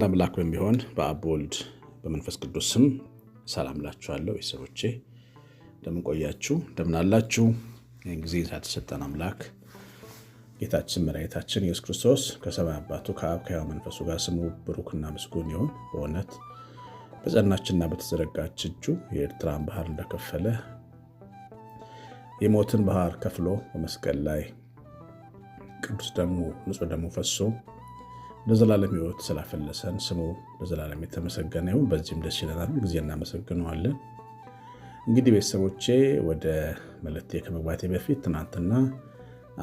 አንድ አምላክ በሚሆን በአብ ወልድ በመንፈስ ቅዱስ ስም ሰላም ላችኋለሁ። ቤተሰቦቼ እንደምን ቆያችሁ? እንደምን አላችሁ? ይህን ጊዜ ሳትሰጠን አምላክ ጌታችን መድኃኒታችን ኢየሱስ ክርስቶስ ከሰማይ አባቱ ከአብ ከሕያው መንፈሱ ጋር ስሙ ብሩክና ምስጉን ይሁን። በእውነት በጸናችና በተዘረጋች እጁ የኤርትራን ባህር እንደከፈለ የሞትን ባህር ከፍሎ በመስቀል ላይ ቅዱስ ደሙ ንጹሕ ደሙ ፈሶ ለዘላለም ህይወት ስላፈለሰን ስሙ ለዘላለም የተመሰገነ ይሁን። በዚህም ደስ ይለናል፣ ጊዜ እናመሰግነዋለን። እንግዲህ ቤተሰቦቼ ወደ መልእክቴ ከመግባቴ በፊት ትናንትና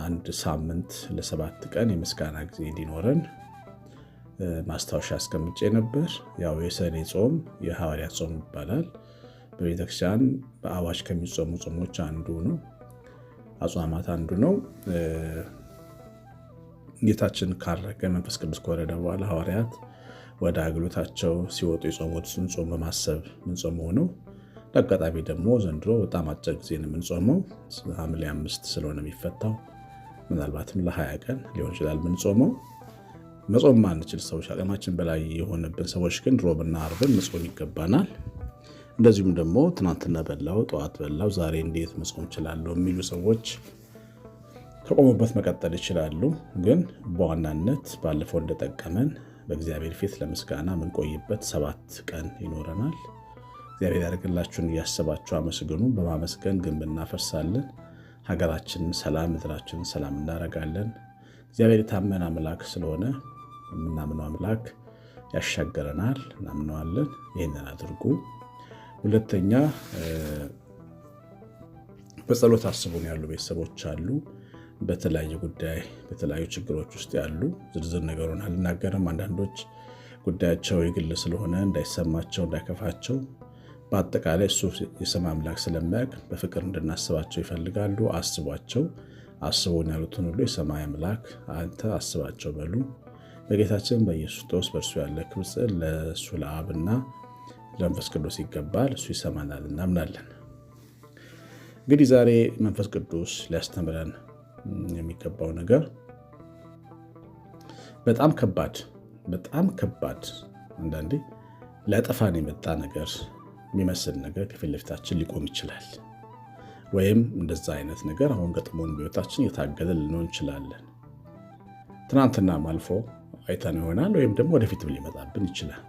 አንድ ሳምንት ለሰባት ቀን የምስጋና ጊዜ እንዲኖረን ማስታወሻ አስቀምጬ ነበር። ያው የሰኔ ጾም የሐዋርያ ጾም ይባላል። በቤተክርስቲያን በአዋጅ ከሚጾሙ ጾሞች አንዱ ነው፣ አጽዋማት አንዱ ነው። ጌታችን ካረገ መንፈስ ቅዱስ ከወረደ በኋላ ሐዋርያት ወደ አገልግሎታቸው ሲወጡ የጾሙትን ጾም በማሰብ ምንጾመው ነው። ለአጋጣሚ ደግሞ ዘንድሮ በጣም አጭር ጊዜ ነው የምንጾመው። ሐምሌ አምስት ስለሆነ የሚፈታው ምናልባትም ለሀያ ቀን ሊሆን ይችላል ምንጾመው። መጾም ማንችል ሰዎች፣ አቅማችን በላይ የሆነብን ሰዎች ግን ሮብና አርብን መጾም ይገባናል። እንደዚሁም ደግሞ ትናንትና በላው፣ ጠዋት በላው፣ ዛሬ እንዴት መጾም እችላለሁ የሚሉ ሰዎች ከቆሙበት መቀጠል ይችላሉ። ግን በዋናነት ባለፈው እንደጠቀመን በእግዚአብሔር ፊት ለምስጋና የምንቆይበት ሰባት ቀን ይኖረናል። እግዚአብሔር ያደርግላችሁን እያሰባችሁ አመስግኑ። በማመስገን ግንብ እናፈርሳለን። ሀገራችንን ሰላም፣ ምድራችንን ሰላም እናደርጋለን። እግዚአብሔር የታመን አምላክ ስለሆነ የምናምነው አምላክ ያሻገረናል። እናምነዋለን። ይህንን አድርጉ። ሁለተኛ በጸሎት አስቡን ያሉ ቤተሰቦች አሉ። በተለያየ ጉዳይ በተለያዩ ችግሮች ውስጥ ያሉ ዝርዝር ነገሩን አልናገርም። አንዳንዶች ጉዳያቸው የግል ስለሆነ እንዳይሰማቸው እንዳይከፋቸው በአጠቃላይ እሱ የሰማ አምላክ ስለሚያውቅ በፍቅር እንድናስባቸው ይፈልጋሉ። አስቧቸው። አስቦን ያሉትን ሁሉ የሰማይ አምላክ አንተ አስባቸው በሉ። በጌታችን በኢየሱስ ክርስቶስ በእርሱ ያለ ክብጽ ለእሱ ለአብና ለመንፈስ ቅዱስ ይገባል፣ እሱ ይሰማናል፣ እናምናለን። እንግዲህ ዛሬ መንፈስ ቅዱስ ሊያስተምረን የሚገባው ነገር በጣም ከባድ በጣም ከባድ አንዳንዴ ሊያጠፋን የመጣ ነገር የሚመስል ነገር ከፊት ለፊታችን ሊቆም ይችላል። ወይም እንደዛ አይነት ነገር አሁን ገጥሞን በሕይወታችን እየታገለ ልንሆን እንችላለን። ትናንትናም አልፎ አይተን ይሆናል ወይም ደግሞ ወደፊትም ሊመጣብን ይችላል።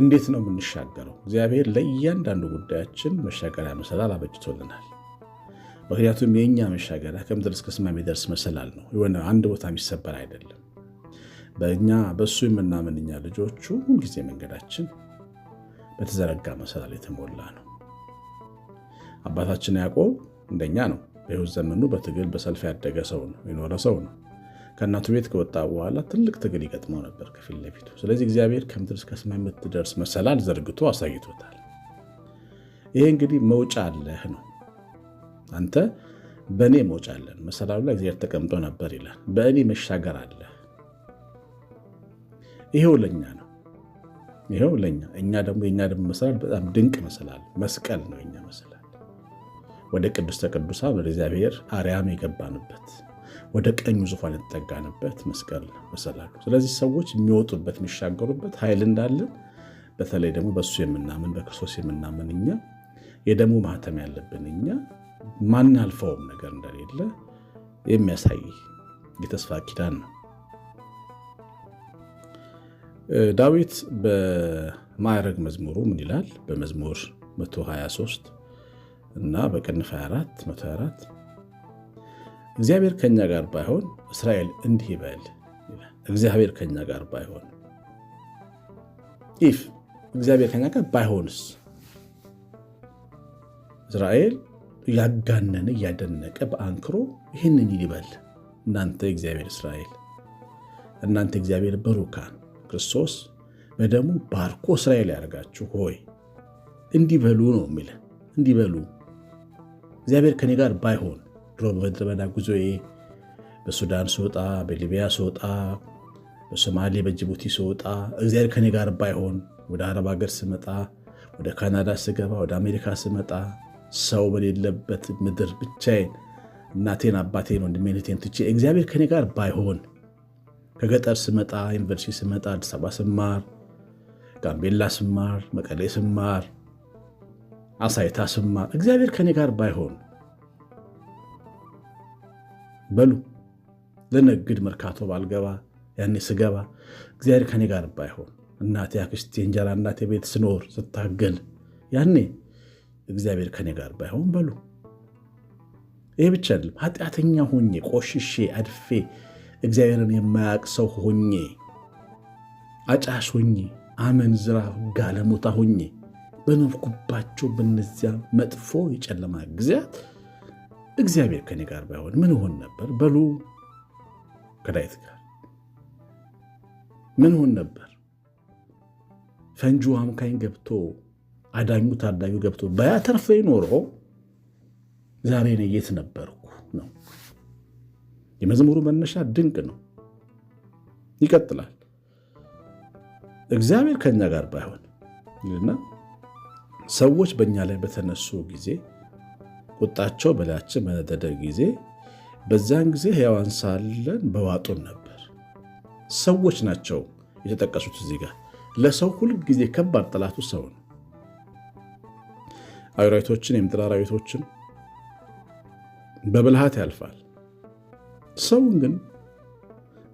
እንዴት ነው የምንሻገረው? እግዚአብሔር ለእያንዳንዱ ጉዳያችን መሻገሪያ መሰላል አበጅቶልናል። ምክንያቱም የእኛ መሻገሪያ ከምድር እስከ ሰማይ የሚደርስ መሰላል ነው። የሆነ አንድ ቦታ የሚሰበር አይደለም። በእኛ በእሱ የምናምን እኛ ልጆቹ ሁልጊዜ መንገዳችን በተዘረጋ መሰላል የተሞላ ነው። አባታችን ያዕቆብ እንደኛ ነው። በሕይወት ዘመኑ በትግል በሰልፍ ያደገ ሰው ነው፣ የኖረ ሰው ነው። ከእናቱ ቤት ከወጣ በኋላ ትልቅ ትግል ይገጥመው ነበር ከፊት ለፊቱ። ስለዚህ እግዚአብሔር ከምድር እስከ ሰማይ የምትደርስ መሰላል ዘርግቶ አሳይቶታል። ይሄ እንግዲህ መውጫ አለህ ነው አንተ በእኔ መውጫለን መሰላሉ ላይ እግዚአብሔር ተቀምጦ ነበር ይላል። በእኔ መሻገር አለ። ይሄው ለእኛ ነው። ይሄው ለእኛ እኛ ደግሞ የእኛ ደግሞ መሰላል በጣም ድንቅ መሰላል መስቀል ነው። የኛ መሰላል ወደ ቅዱስ ተቅዱሳ ወደ እግዚአብሔር አርያም የገባንበት ወደ ቀኙ ዙፋን የተጠጋንበት መስቀል መሰላሉ። ስለዚህ ሰዎች የሚወጡበት የሚሻገሩበት ኃይል እንዳለን በተለይ ደግሞ በእሱ የምናምን በክርስቶስ የምናምን እኛ የደሙ ማህተም ያለብን እኛ ማናልፈውም ነገር እንደሌለ የሚያሳይ የተስፋ ኪዳን ነው። ዳዊት በማዕረግ መዝሙሩ ምን ይላል? በመዝሙር 123 እና በቅንፍ 24 እግዚአብሔር ከኛ ጋር ባይሆን እስራኤል እንዲህ ይበል። እግዚአብሔር ከኛ ጋር ባይሆን ኢፍ እግዚአብሔር ከኛ ጋር ባይሆንስ እስራኤል ያጋነነ እያደነቀ በአንክሮ ይህንን ይበል እናንተ እግዚአብሔር እስራኤል እናንተ እግዚአብሔር ብሩካን ክርስቶስ በደሙ ባርኮ እስራኤል ያደርጋችሁ ሆይ እንዲበሉ ነው የሚለን። እንዲበሉ እግዚአብሔር ከኔ ጋር ባይሆን ድሮ በምድረ በዳ ጉዞዬ በሱዳን ስወጣ፣ በሊቢያ ስወጣ፣ በሶማሌ በጅቡቲ ስወጣ እግዚአብሔር ከኔ ጋር ባይሆን ወደ አረብ ሀገር ስመጣ፣ ወደ ካናዳ ስገባ፣ ወደ አሜሪካ ስመጣ ሰው በሌለበት ምድር ብቻዬን እናቴን አባቴን ወንድሜን እህቴን ትቼ እግዚአብሔር ከኔ ጋር ባይሆን ከገጠር ስመጣ ዩኒቨርሲቲ ስመጣ አዲስ አበባ ስማር፣ ጋምቤላ ስማር፣ መቀሌ ስማር፣ አሳይታ ስማር እግዚአብሔር ከኔ ጋር ባይሆን በሉ ልነግድ መርካቶ ባልገባ ያኔ ስገባ እግዚአብሔር ከኔ ጋር ባይሆን እናቴ አክስቴ እንጀራ እናቴ ቤት ስኖር ስታገል ያኔ እግዚአብሔር ከኔ ጋር ባይሆን በሉ። ይህ ብቻ አይደለም፣ ኃጢአተኛ ሆኜ ቆሽሼ አድፌ እግዚአብሔርን የማያቅ ሰው ሆኜ አጫሽ ሆኜ አመንዝራ ጋለሞታ ሆኜ በኖርኩባቸው በነዚያ መጥፎ የጨለማ ጊዜያት እግዚአብሔር ከኔ ጋር ባይሆን ምን ሆን ነበር? በሉ ከዳዊት ጋር ምን ሆን ነበር? ፈንጁ አምካኝ ገብቶ አዳኙ ታዳኙ ገብቶ በያተርፈ ኖሮ ዛሬ እኔ የት ነበርኩ ነው። የመዝሙሩ መነሻ ድንቅ ነው። ይቀጥላል። እግዚአብሔር ከእኛ ጋር ባይሆን ይልና ሰዎች በእኛ ላይ በተነሱ ጊዜ ቁጣቸው በላያችን በነደደ ጊዜ በዚያን ጊዜ ሕያዋን ሳለን በዋጡን ነበር። ሰዎች ናቸው የተጠቀሱት እዚህ ጋር። ለሰው ሁልጊዜ ከባድ ጠላቱ ሰው ነው። አየር አራዊቶችን የምድር አራዊቶችን በብልሃት ያልፋል። ሰውን ግን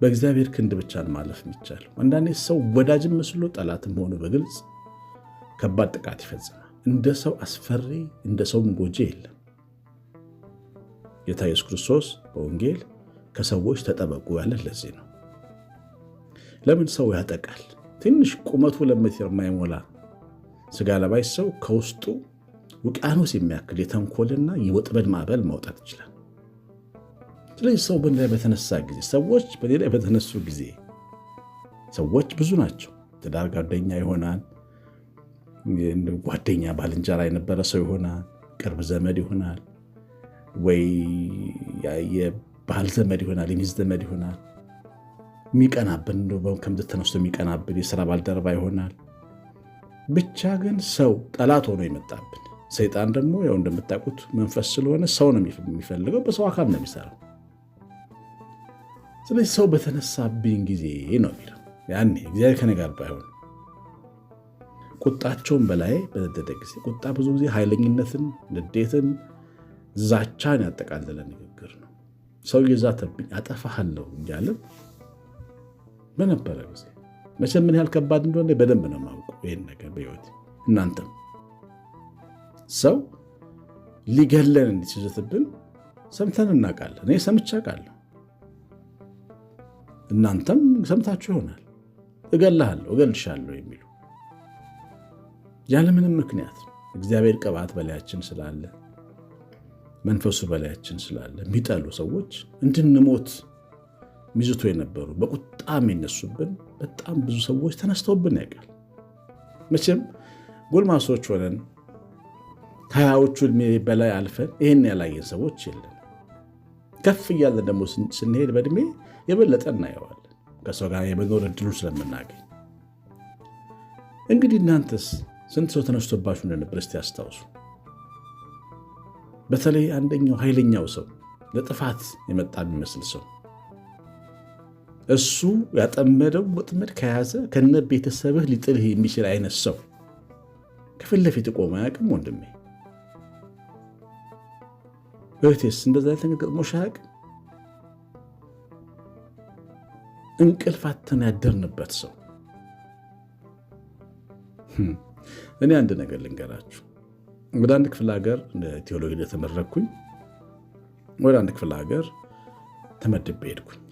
በእግዚአብሔር ክንድ ብቻን ማለፍ የሚቻለው። አንዳንዴ ሰው ወዳጅም መስሎ ጠላትም ሆኖ በግልጽ ከባድ ጥቃት ይፈጽማል። እንደ ሰው አስፈሪ፣ እንደ ሰውም ጎጂ የለም። ጌታ ኢየሱስ ክርስቶስ በወንጌል ከሰዎች ተጠበቁ ያለን ለዚህ ነው። ለምን ሰው ያጠቃል? ትንሽ ቁመቱ ለመትር የማይሞላ ስጋ ለባይ ሰው ከውስጡ ውቅያኖስ የሚያክል የተንኮልና የወጥመድ ማዕበል ማውጣት ይችላል። ስለዚህ ሰው በእኔ ላይ በተነሳ ጊዜ ሰዎች በእኔ ላይ በተነሱ ጊዜ ሰዎች ብዙ ናቸው። ትዳር ጓደኛ ይሆናል፣ ጓደኛ ባልንጀራ የነበረ ሰው ይሆናል፣ ቅርብ ዘመድ ይሆናል፣ ወይ የባህል ዘመድ ይሆናል፣ የሚስት ዘመድ ይሆናል። የሚቀናብን ከምድር ተነስቶ የሚቀናብን የስራ ባልደረባ ይሆናል። ብቻ ግን ሰው ጠላት ሆኖ ይመጣብን ሰይጣን ደግሞ ያው እንደምታውቁት መንፈስ ስለሆነ ሰው ነው የሚፈልገው፣ በሰው አካል ነው የሚሰራው። ስለዚህ ሰው በተነሳብኝ ጊዜ ነው የሚለው ያኔ እግዚአብሔር ከኔ ጋር ባይሆን ቁጣቸውን በላይ በነደደ ጊዜ። ቁጣ ብዙ ጊዜ ኃይለኝነትን፣ ንዴትን፣ ዛቻን ያጠቃለለ ንግግር ነው። ሰው የዛተብኝ አጠፋሃለሁ እያለ በነበረ ጊዜ መቼም ምን ያህል ከባድ እንደሆነ በደንብ ነው የማውቀው ይህን ነገር በሕይወት እናንተም ሰው ሊገለን እንዲችልትብን ሰምተን እናውቃለን። እኔ ሰምቼ አውቃለሁ። እናንተም ሰምታችሁ ይሆናል። እገልሃለሁ፣ እገልሻለሁ የሚሉ ያለምንም ምክንያት እግዚአብሔር ቅባት በላያችን ስላለ፣ መንፈሱ በላያችን ስላለ የሚጠሉ ሰዎች እንድንሞት ሚዝቶ የነበሩ በቁጣ የሚነሱብን በጣም ብዙ ሰዎች ተነስተውብን ያውቃል። መቼም ጎልማሶች ሆነን ከሀያዎቹ እድሜ በላይ አልፈን ይህን ያላየን ሰዎች የለም። ከፍ እያለን ደግሞ ስንሄድ በእድሜ የበለጠ እናየዋለን፣ ከሰው ጋር የመኖር እድሉ ስለምናገኝ። እንግዲህ እናንተስ ስንት ሰው ተነስቶባችሁ እንደነበር እስቲ አስታውሱ። በተለይ አንደኛው ኃይለኛው ሰው ለጥፋት የመጣ የሚመስል ሰው እሱ ያጠመደው ወጥመድ ከያዘ ከነ ቤተሰብህ ሊጥልህ የሚችል አይነት ሰው ከፊት ለፊት ቆሞ አያውቅም ወንድሜ እህቴስ እንደዛ አይነት ነገር ገጥሞሽ አያውቅም? እንቅልፍ አጥተን ያደርንበት ሰው። hm። እኔ አንድ ነገር ልንገራችሁ። ወደ አንድ ክፍለ ሀገር ቴዎሎጂ ተመረኩኝ። ወደ አንድ ክፍለ ሀገር ተመድቤ ሄድኩኝ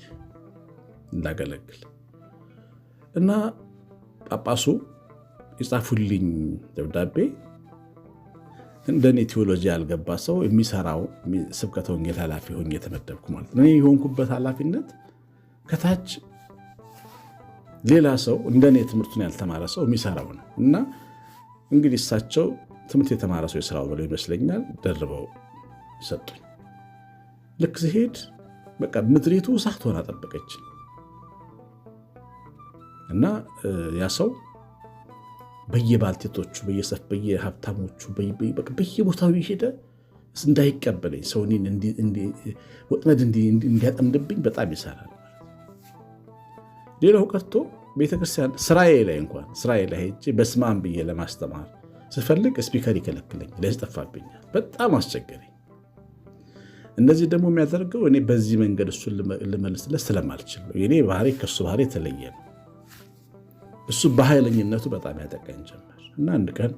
እንዳገለግል እና ጳጳሱ የጻፉልኝ ደብዳቤ እንደኔ ቴዎሎጂ ያልገባ ሰው የሚሰራው ስብከተ ወንጌል ኃላፊ ሆኜ የተመደብኩ ማለት ነው። እኔ የሆንኩበት ኃላፊነት ከታች ሌላ ሰው እንደኔ ትምህርቱን ያልተማረ ሰው የሚሰራው ነው እና እንግዲህ እሳቸው ትምህርት የተማረ ሰው የስራው ብለው ይመስለኛል ደርበው ሰጡኝ። ልክ ሲሄድ በቃ ምድሪቱ እሳት ሆና እና ያ ሰው በየባልቴቶቹ በየሰፍ በየሀብታሞቹ በየቦታው ሄደ እንዳይቀበለኝ ሰው ወጥመድ እንዲያጠምድብኝ በጣም ይሰራል። ሌላው ቀርቶ ቤተክርስቲያን ስራዬ ላይ እንኳን ስራዬ ላይ ሄጄ በስመ አብ ብዬ ለማስተማር ስፈልግ ስፒከር ይከለክለኝ፣ ለዚህ ጠፋብኛል። በጣም አስቸገረኝ። እነዚህ ደግሞ የሚያደርገው እኔ በዚህ መንገድ እሱን ልመልስለት ስለማልችል ነው። የኔ ባህሪ ከእሱ ባህሪ የተለየ ነው። እሱ በኃይለኝነቱ በጣም ያጠቃኝ ጀመር እና አንድ ቀን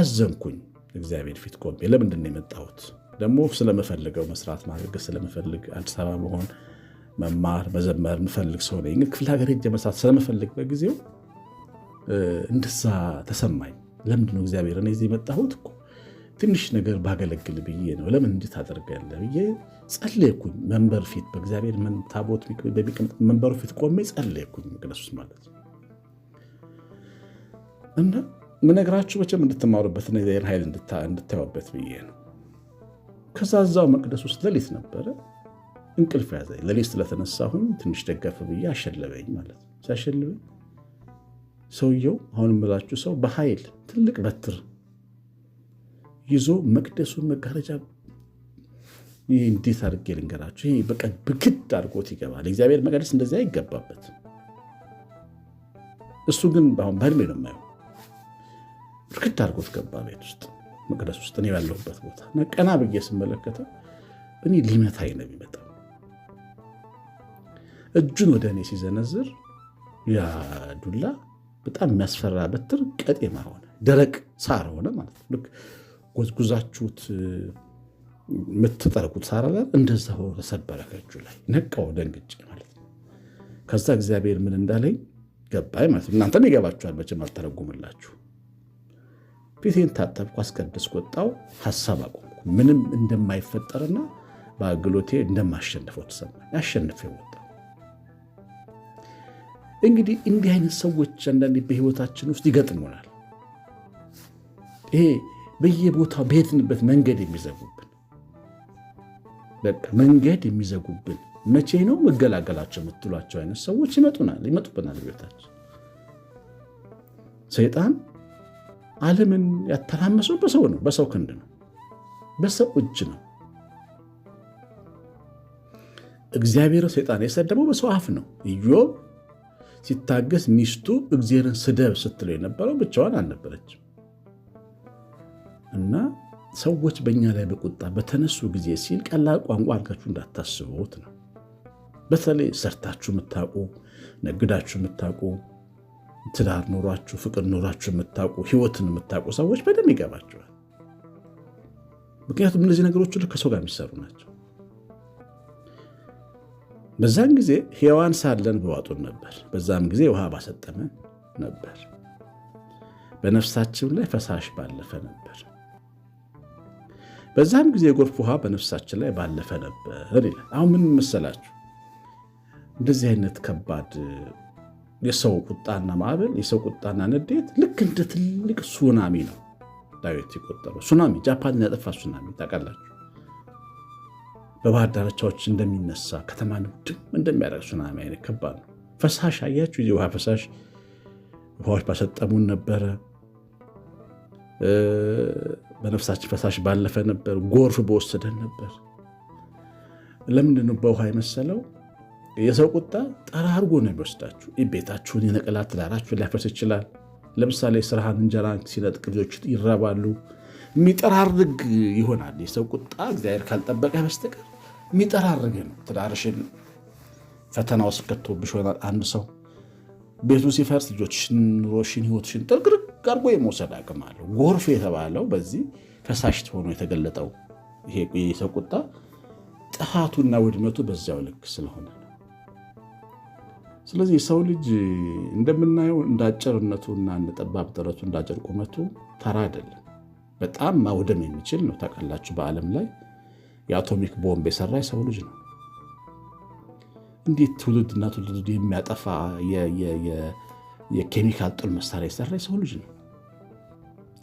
አዘንኩኝ። እግዚአብሔር ፊት ቆሜ ለምንድን ነው የመጣሁት? ደግሞ ስለምፈልገው መስራት ማድረግ ስለምፈልግ አዲስ አበባ መሆን መማር መዘመር ምፈልግ ሰው ነኝ። ክፍለ ሀገር ሄጄ መስራት ስለምፈልግ በጊዜው እንደዛ ተሰማኝ። ለምንድን ነው እግዚአብሔር እኔ እዚህ የመጣሁት እኮ ትንሽ ነገር ባገለግል ብዬ ነው። ለምን እንዲህ ታደርጋለህ ብዬ ጸለይኩኝ። መንበር ፊት በእግዚአብሔር ታቦት መንበሩ ፊት ቆሜ ጸለይኩኝ። መቅደሱስ ማለት እና ምነግራችሁ መቼም እንድትማሩበት የእግዚአብሔር ኃይል እንድታዩበት ብዬ ነው። ከዛ እዛው መቅደስ ውስጥ ሌሊት ነበረ። እንቅልፍ ያዘ ሌሊት ስለተነሳሁኝ ትንሽ ደገፍ ብዬ አሸለበኝ ማለት ነው። ሲያሸልበኝ ሰውየው አሁን የምላችሁ ሰው በኃይል ትልቅ በትር ይዞ መቅደሱን መጋረጃ እንዴት አድርጌ ልንገራቸው? ይሄ በቃ ብክድ አድርጎት ይገባል። እግዚአብሔር መቅደስ እንደዚያ አይገባበት። እሱ ግን አሁን በህልሜ ነው የማየው። ብክድ አድርጎት ገባ ቤት ውስጥ መቅደስ ውስጥ እኔ ያለሁበት ቦታ እና ቀና ብዬ ስመለከተው እኔ ሊመታኝ ነው የሚመጣው። እጁን ወደ እኔ ሲዘነዝር ያ ዱላ በጣም የሚያስፈራ በትር ቀጤማ ሆነ፣ ደረቅ ሳር ሆነ ማለት ነው። ጎዝጉዛችሁት የምትጠርቁት ሳር እንደዛ ሆኖ ተሰበረ ከእጁ ላይ። ነቃው ደንግጬ ማለት ነው። ከዛ እግዚአብሔር ምን እንዳለኝ ገባኝ ማለት ነው። እናንተም ይገባችኋል መቼም አልተረጉምላችሁ። ፊቴን ታጠብኩ፣ አስቀድስ ወጣው ሀሳብ አቆምኩ። ምንም እንደማይፈጠርና በአገሎቴ እንደማሸንፈው ተሰማኝ። አሸንፌ ወጣ። እንግዲህ እንዲህ አይነት ሰዎች አንዳንዴ በህይወታችን ውስጥ ይገጥሙናል። ይሄ በየቦታው በሄድንበት መንገድ የሚዘጉብን በቃ መንገድ የሚዘጉብን መቼ ነው መገላገላቸው የምትሏቸው አይነት ሰዎች ይመጡናል ይመጡብናል ቤታችን ሰይጣን አለምን ያተራመሰው በሰው ነው በሰው ክንድ ነው በሰው እጅ ነው እግዚአብሔር ሰይጣን የሰደበው በሰው አፍ ነው ኢዮብ ሲታገስ ሚስቱ እግዚአብሔርን ስደብ ስትለው የነበረው ብቻዋን አልነበረችም እና ሰዎች በእኛ ላይ በቁጣ በተነሱ ጊዜ ሲል ቀላል ቋንቋ አድርጋችሁ እንዳታስቡት ነው። በተለይ ሰርታችሁ የምታውቁ ነግዳችሁ የምታውቁ ትዳር ኖሯችሁ ፍቅር ኖሯችሁ የምታውቁ ህይወትን የምታውቁ ሰዎች በደንብ ይገባቸዋል። ምክንያቱም እነዚህ ነገሮች ሁሉ ከሰው ጋር የሚሰሩ ናቸው። በዛን ጊዜ ሕያዋን ሳለን በዋጡን ነበር፣ በዛም ጊዜ ውሃ ባሰጠመን ነበር፣ በነፍሳችን ላይ ፈሳሽ ባለፈ ነበር በዛም ጊዜ የጎርፍ ውሃ በነፍሳችን ላይ ባለፈ ነበር ይላል። አሁን ምን መሰላችሁ? እንደዚህ አይነት ከባድ የሰው ቁጣና ማዕበል፣ የሰው ቁጣና ንዴት ልክ እንደ ትልቅ ሱናሚ ነው ዳዊት የቆጠረው። ሱናሚ ጃፓን ያጠፋ ሱናሚ ታውቃላችሁ፣ በባህር ዳርቻዎች እንደሚነሳ ከተማ ውድም እንደሚያደርግ ሱናሚ አይነት ከባድ ነው። ፈሳሽ አያችሁ፣ ውሃ ፈሳሽ ውሃዎች ባሰጠሙን ነበረ በነፍሳችን ፈሳሽ ባለፈ ነበር፣ ጎርፍ በወሰደን ነበር። ለምንድን ነው በውሃ የመሰለው? የሰው ቁጣ ጠራርጎ ነው የሚወስዳችሁ። ቤታችሁን፣ የነቀላ ትዳራችሁን ሊያፈርስ ይችላል። ለምሳሌ ስራህን፣ እንጀራ ሲነጥቅ ልጆች ይራባሉ። የሚጠራርግ ይሆናል የሰው ቁጣ እግዚአብሔር ካልጠበቀ በስተቀር የሚጠራርግ ነው። ትዳርሽን ፈተና ውስጥ ከቶብሽ ይሆናል አንድ ሰው ቤቱ ሲፈርስ ልጆችሽን፣ ኑሮሽን፣ ህይወትሽን ጥርቅርቅ አድርጎ የመውሰድ አቅም አለው። ጎርፍ የተባለው በዚህ ፈሳሽ ሆኖ የተገለጠው ይሄ የሰው ቁጣ ጥፋቱና ውድመቱ በዚያው ልክ ስለሆነ ስለዚህ የሰው ልጅ እንደምናየው እንደ አጭርነቱና እንደጠባብ ጥረቱ እንዳጭር ቁመቱ ተራ አይደለም። በጣም ማውደም የሚችል ነው። ታውቃላችሁ፣ በዓለም ላይ የአቶሚክ ቦምብ የሰራ የሰው ልጅ ነው። እንዴት ትውልድና ትውልድ የሚያጠፋ የኬሚካል ጦር መሳሪያ የሰራ የሰው ልጅ ነው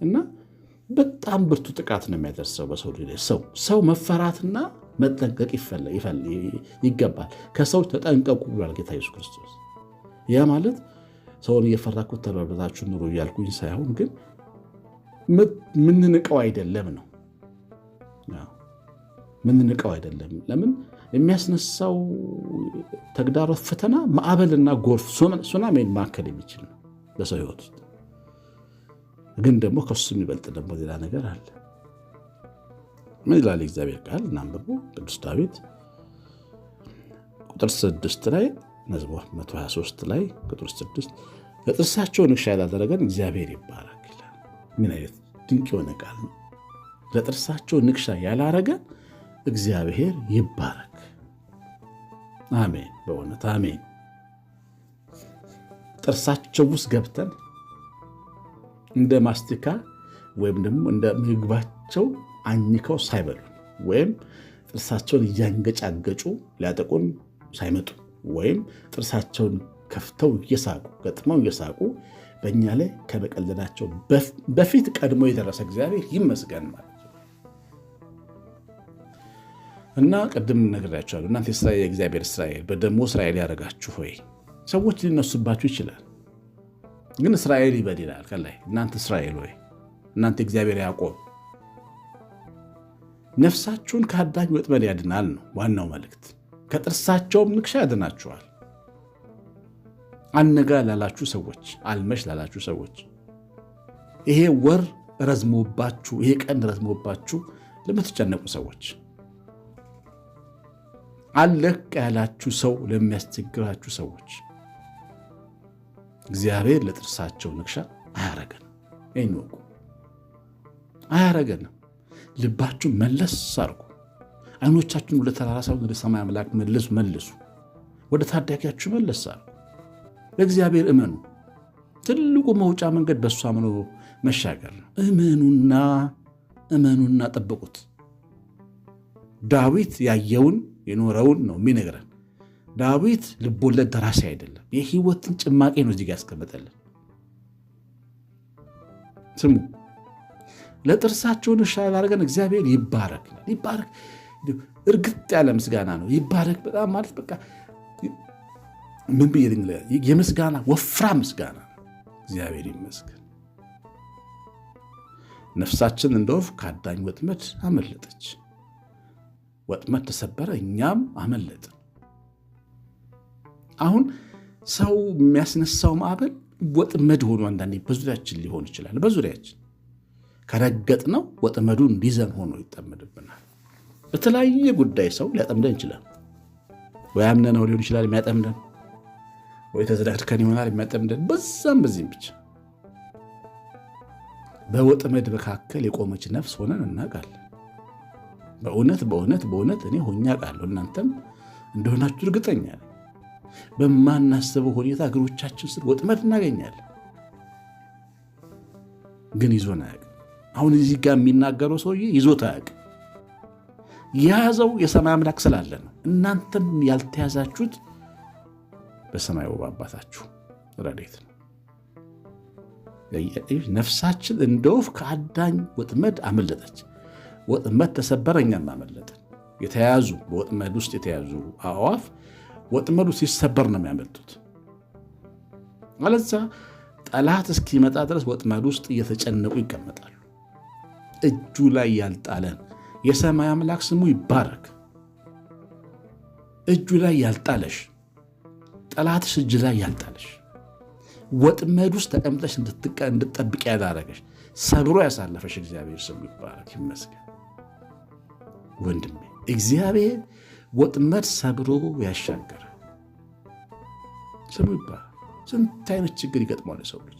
እና በጣም ብርቱ ጥቃት ነው የሚያደርሰው በሰው ልጅ ላይ። ሰው ሰው መፈራትና መጠንቀቅ ይገባል። ከሰዎች ተጠንቀቁ ብሏል ጌታ ኢየሱስ ክርስቶስ። ያ ማለት ሰውን እየፈራኩት ተበብረታችሁ ኑሮ እያልኩኝ ሳይሆን ግን ምንንቀው አይደለም ነው ምንንቀው አይደለም። ለምን የሚያስነሳው ተግዳሮት፣ ፈተና፣ ማዕበልና ጎርፍ፣ ሱናሚን ማከል የሚችል ነው በሰው ህይወት ውስጥ። ግን ደግሞ ከሱ የሚበልጥ ደግሞ ሌላ ነገር አለ። ምን ይላል እግዚአብሔር ቃል? እናንብቡ ቅዱስ ዳዊት ቁጥር ስድስት ላይ መዝሙር 123 ላይ ቁጥር ስድስት ለጥርሳቸው ንክሻ ያላደረገን እግዚአብሔር ይባረክ ይላል። ምን አይነት ድንቅ የሆነ ቃል ነው! ለጥርሳቸው ንክሻ ያላረገ እግዚአብሔር ይባረክ። አሜን፣ በእውነት አሜን። ጥርሳቸው ውስጥ ገብተን እንደ ማስቲካ ወይም ደግሞ እንደ ምግባቸው አኝከው ሳይበሉ ወይም ጥርሳቸውን እያንገጫገጩ ሊያጠቁን ሳይመጡ ወይም ጥርሳቸውን ከፍተው እየሳቁ ገጥመው እየሳቁ በእኛ ላይ ከመቀለዳቸው በፊት ቀድሞ የደረሰ እግዚአብሔር ይመስገን ማለት እና ቅድም እነግራቸዋለሁ እናንተ ስራ የእግዚአብሔር እስራኤል በደሞ እስራኤል ያደረጋችሁ ሆይ ሰዎች ሊነሱባችሁ ይችላል፣ ግን እስራኤል ይበል ይላል ከላይ እናንተ እስራኤል ሆይ እናንተ እግዚአብሔር ያዕቆብ ነፍሳችሁን ከአዳኝ ወጥመድ ያድናል ነው ዋናው መልእክት። ከጥርሳቸውም ንክሻ ያድናችኋል። አነጋ ላላችሁ ሰዎች፣ አልመሽ ላላችሁ ሰዎች ይሄ ወር ረዝሞባችሁ፣ ይሄ ቀን ረዝሞባችሁ ለምትጨነቁ ሰዎች አለቅ ያላችሁ ሰው ለሚያስቸግራችሁ ሰዎች እግዚአብሔር ለጥርሳቸው ንክሻ አያረገንም። ይህን ወቁ። አያረገንም። ልባችሁ መለስ አርጉ አይኖቻችሁን ወደ ተራራ ሳይሆን ወደ ሰማይ አምላክ መለሱ መልሱ። ወደ ታዳጊያችሁ መለስ አርጉ። ለእግዚአብሔር እመኑ። ትልቁ መውጫ መንገድ በእሱ አምኖ መሻገር ነው። እመኑና እመኑና ጠብቁት። ዳዊት ያየውን የኖረውን ነው የሚነግረን። ዳዊት ልቦለድ ደራሲ አይደለም፣ የህይወትን ጭማቂ ነው እዚጋ ጋ ያስቀመጠልን። ስሙ ለጥርሳቸውን እሻ ያላደረገን እግዚአብሔር ይባረክ ይባረክ። እርግጥ ያለ ምስጋና ነው። ይባረክ በጣም ማለት በቃ ምን ብዬ የምስጋና ወፍራ ምስጋና እግዚአብሔር ይመስገን። ነፍሳችን እንደ ወፍ ከአዳኝ ወጥመድ አመለጠች። ወጥመድ ተሰበረ፣ እኛም አመለጥ። አሁን ሰው የሚያስነሳው ማዕበል ወጥመድ ሆኖ አንዳንዴ በዙሪያችን ሊሆን ይችላል። በዙሪያችን ከረገጥ ነው ወጥመዱ እንዲዘን ሆኖ ይጠመድብናል። በተለያየ ጉዳይ ሰው ሊያጠምደን ይችላል። ወይ አምነነው ሊሆን ይችላል የሚያጠምደን፣ ወይ ተዘዳድከን ይሆናል የሚያጠምደን። በዛም በዚህም ብቻ በወጥመድ መካከል የቆመች ነፍስ ሆነን እናውቃለን። በእውነት በእውነት በእውነት እኔ ሆኜ አውቃለሁ፣ እናንተም እንደሆናችሁ እርግጠኛ ነኝ። በማናስበው ሁኔታ እግሮቻችን ስር ወጥመድ እናገኛለን፣ ግን ይዞን አያውቅም። አሁን እዚህ ጋር የሚናገረው ሰውዬ ይዞት አያውቅም። የያዘው የሰማይ አምላክ ስላለ ነው። እናንተም ያልተያዛችሁት በሰማይ ውብ አባታችሁ ረዴት ነው። ነፍሳችን እንደ ወፍ ከአዳኝ ወጥመድ አመለጠች። ወጥመድ ተሰበረ፣ እኛም የተያዙ በወጥመድ ውስጥ የተያዙ አዕዋፍ ወጥመዱ ሲሰበር ነው የሚያመልጡት። አለዛ ጠላት እስኪመጣ ድረስ ወጥመድ ውስጥ እየተጨነቁ ይቀመጣሉ። እጁ ላይ ያልጣለን የሰማይ አምላክ ስሙ ይባረክ። እጁ ላይ ያልጣለሽ ጠላትሽ እጅ ላይ ያልጣለሽ ወጥመድ ውስጥ ተቀምጠሽ እንድትጠብቅ ያዳረገሽ ሰብሮ ያሳለፈሽ እግዚአብሔር ስሙ ይባረክ ይመስገን። ወንድሜ እግዚአብሔር ወጥመድ ሰብሮ ያሻገረ ስሙ ይባላል። ስንት አይነት ችግር ይገጥመዋል የሰው ልጅ።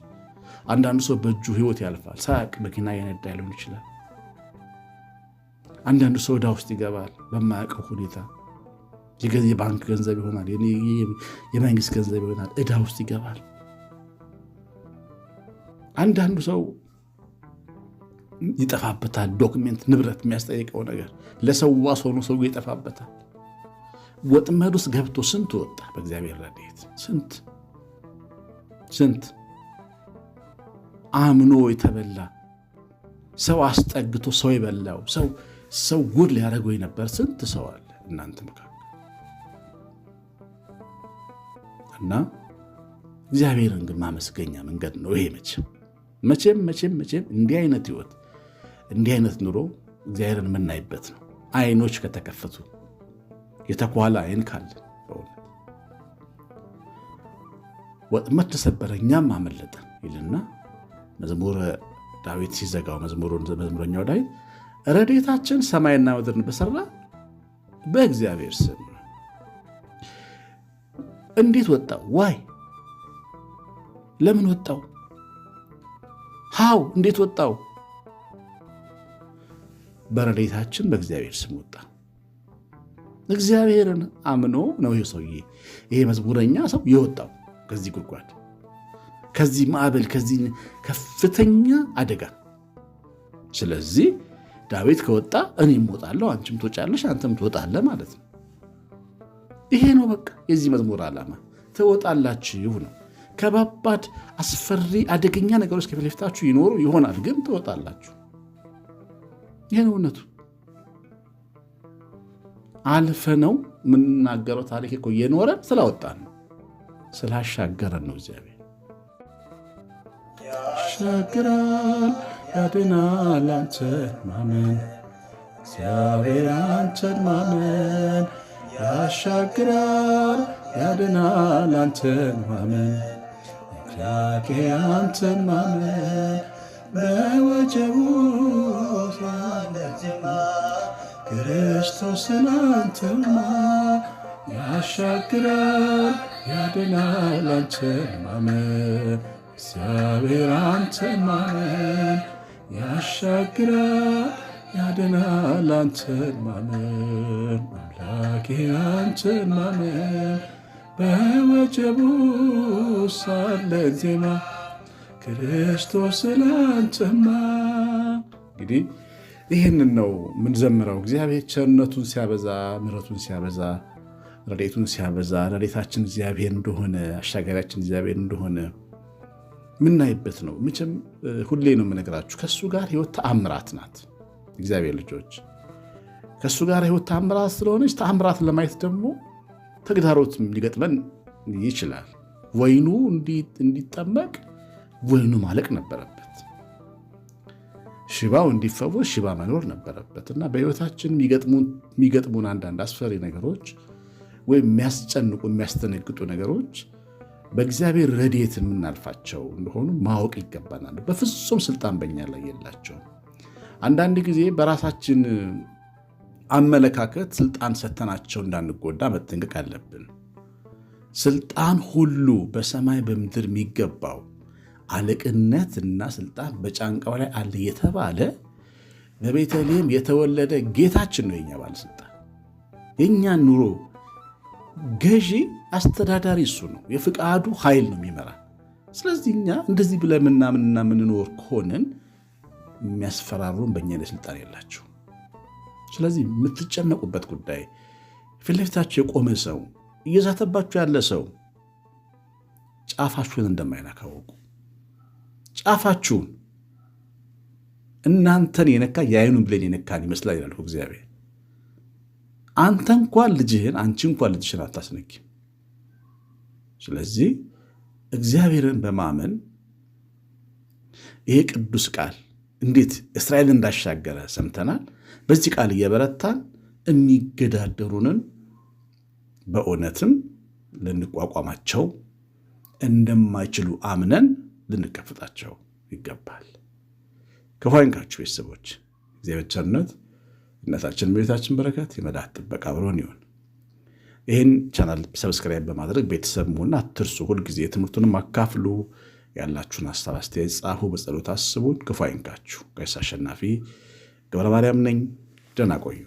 አንዳንዱ ሰው በእጁ ህይወት ያልፋል። ሳቅ መኪና የነዳ ሊሆን ይችላል። አንዳንዱ ሰው ዕዳ ውስጥ ይገባል በማያውቀው ሁኔታ። የባንክ ገንዘብ ይሆናል፣ የመንግስት ገንዘብ ይሆናል፣ ዕዳ ውስጥ ይገባል። አንዳንዱ ሰው ይጠፋበታል። ዶክሜንት ንብረት የሚያስጠይቀው ነገር ለሰው ዋስ ሆኖ ሰው ይጠፋበታል። ወጥመድ ውስጥ ገብቶ ስንት ወጣ? በእግዚአብሔር ረድኤት ስንት ስንት አምኖ የተበላ ሰው አስጠግቶ ሰው የበላው ሰው ሰው ጉድ ሊያደርገው የነበር ስንት ሰው አለ እናንተ መካከል እና እግዚአብሔርን ግን ማመስገኛ መንገድ ነው ይሄ መቼም መቼም መቼም መቼም እንዲህ አይነት ህይወት እንዲህ አይነት ኑሮ እግዚአብሔርን የምናይበት ነው። አይኖች ከተከፈቱ የተኳለ አይን ካለ ወጥመድ ተሰበረ፣ እኛም አመለጠ ይልና መዝሙር ዳዊት ሲዘጋው መዝሙረኛው ዳዊት ረዴታችን ሰማይና ምድርን በሰራ በእግዚአብሔር ስም እንዴት ወጣው? ዋይ ለምን ወጣው? ሀው እንዴት ወጣው? በረዴታችን በእግዚአብሔር ስም ወጣ። እግዚአብሔርን አምኖ ነው ይህ ሰውዬ ይሄ መዝሙረኛ ሰው የወጣው ከዚህ ጉድጓድ፣ ከዚህ ማዕበል፣ ከዚህ ከፍተኛ አደጋ። ስለዚህ ዳዊት ከወጣ እኔም እወጣለሁ፣ አንቺም ትወጫለሽ፣ አንተም ትወጣለህ ማለት ነው። ይሄ ነው በቃ የዚህ መዝሙር ዓላማ፣ ትወጣላችሁ ነው። ከባባድ አስፈሪ አደገኛ ነገሮች ከፊት ለፊታችሁ ይኖሩ ይሆናል፣ ግን ትወጣላችሁ። ይህ እውነቱ። አልፈ ነው የምንናገረው። ታሪክ እኮ እየኖረ ስላወጣን ነው ስላሻገረን ነው። እግዚአብሔር ያሻግራል፣ ያድናል። አንተን ማመን እግዚአብሔር አንተን ማመን ያሻግራል፣ ያድናል። አንተን ማመን እግዚአብሔር አንተን ማመን በወጀቡ ፋለትማ ክርስቶስ ናንተማ ያሻግራል ያድናል አንተን ማመን እግዚአብሔር አንተን ማመን ያሻግራል ያድናል አንተን ማመን አምላኬ አንተን ማመን በወጀቡ ሳለ ዜማ ክርስቶስ ስላንጨማ እንግዲህ ይህንን ነው የምንዘምረው። እግዚአብሔር ቸርነቱን ሲያበዛ፣ ምሕረቱን ሲያበዛ፣ ረዴቱን ሲያበዛ፣ ረዴታችን እግዚአብሔር እንደሆነ አሻጋሪያችን እግዚአብሔር እንደሆነ የምናይበት ነው። መቼም ሁሌ ነው የምነግራችሁ፣ ከእሱ ጋር ህይወት ተአምራት ናት። እግዚአብሔር ልጆች ከእሱ ጋር ህይወት ተአምራት ስለሆነች ተአምራት ለማየት ደግሞ ተግዳሮት ሊገጥመን ይችላል። ወይኑ እንዲጠመቅ ወይኑ ማለቅ ነበረበት። ሽባው እንዲፈወስ ሽባ መኖር ነበረበት እና በህይወታችን የሚገጥሙን አንዳንድ አስፈሪ ነገሮች ወይም የሚያስጨንቁ የሚያስተነግጡ ነገሮች በእግዚአብሔር ረድኤት የምናልፋቸው እንደሆኑ ማወቅ ይገባናል። በፍጹም ስልጣን በኛ ላይ የላቸውም። አንዳንድ ጊዜ በራሳችን አመለካከት ስልጣን ሰተናቸው እንዳንጎዳ መጠንቀቅ አለብን። ስልጣን ሁሉ በሰማይ በምድር የሚገባው አለቅነት እና ስልጣን በጫንቃው ላይ አለ የተባለ በቤተልሔም የተወለደ ጌታችን ነው የኛ ባለስልጣን፣ የእኛ ኑሮ ገዢ አስተዳዳሪ እሱ ነው። የፍቃዱ ኃይል ነው የሚመራ። ስለዚህ እኛ እንደዚህ ብለን ምናምንና ምንኖር ከሆንን የሚያስፈራሩን በእኛ ላይ ስልጣን የላቸው። ስለዚህ የምትጨነቁበት ጉዳይ ፊት ለፊታችሁ የቆመ ሰው እየዛተባችሁ ያለ ሰው ጫፋችሁን እንደማይናካወቁ ጫፋችሁን እናንተን የነካ የአይኑን ብሌን የነካን ይመስላል ይላል እግዚአብሔር። አንተ እንኳን ልጅህን አንቺ እንኳን ልጅሽን አታስነኪ። ስለዚህ እግዚአብሔርን በማመን ይሄ ቅዱስ ቃል እንዴት እስራኤል እንዳሻገረ ሰምተናል። በዚህ ቃል እየበረታን የሚገዳደሩንን በእውነትም ልንቋቋማቸው እንደማይችሉ አምነን ልንጋፈጣቸው ይገባል። ከሆንካችሁ ቤተሰቦች እግዚአብሔር ቸርነት እናታችን እመቤታችን በረከት የመዳፍ ጥበቃ አብሮን ይሁን። ይህን ቻናል ሰብስክራይብ በማድረግ ቤተሰብ መሆን አትርሱ። ሁልጊዜ ትምህርቱንም አካፍሉ። ያላችሁን ሀሳብ አስተያየት ጻፉ። በጸሎት አስቡን። ክፉ አይንካችሁ። ቀሲስ አሸናፊ ገብረ ማርያም ነኝ። ደህና ቆዩ።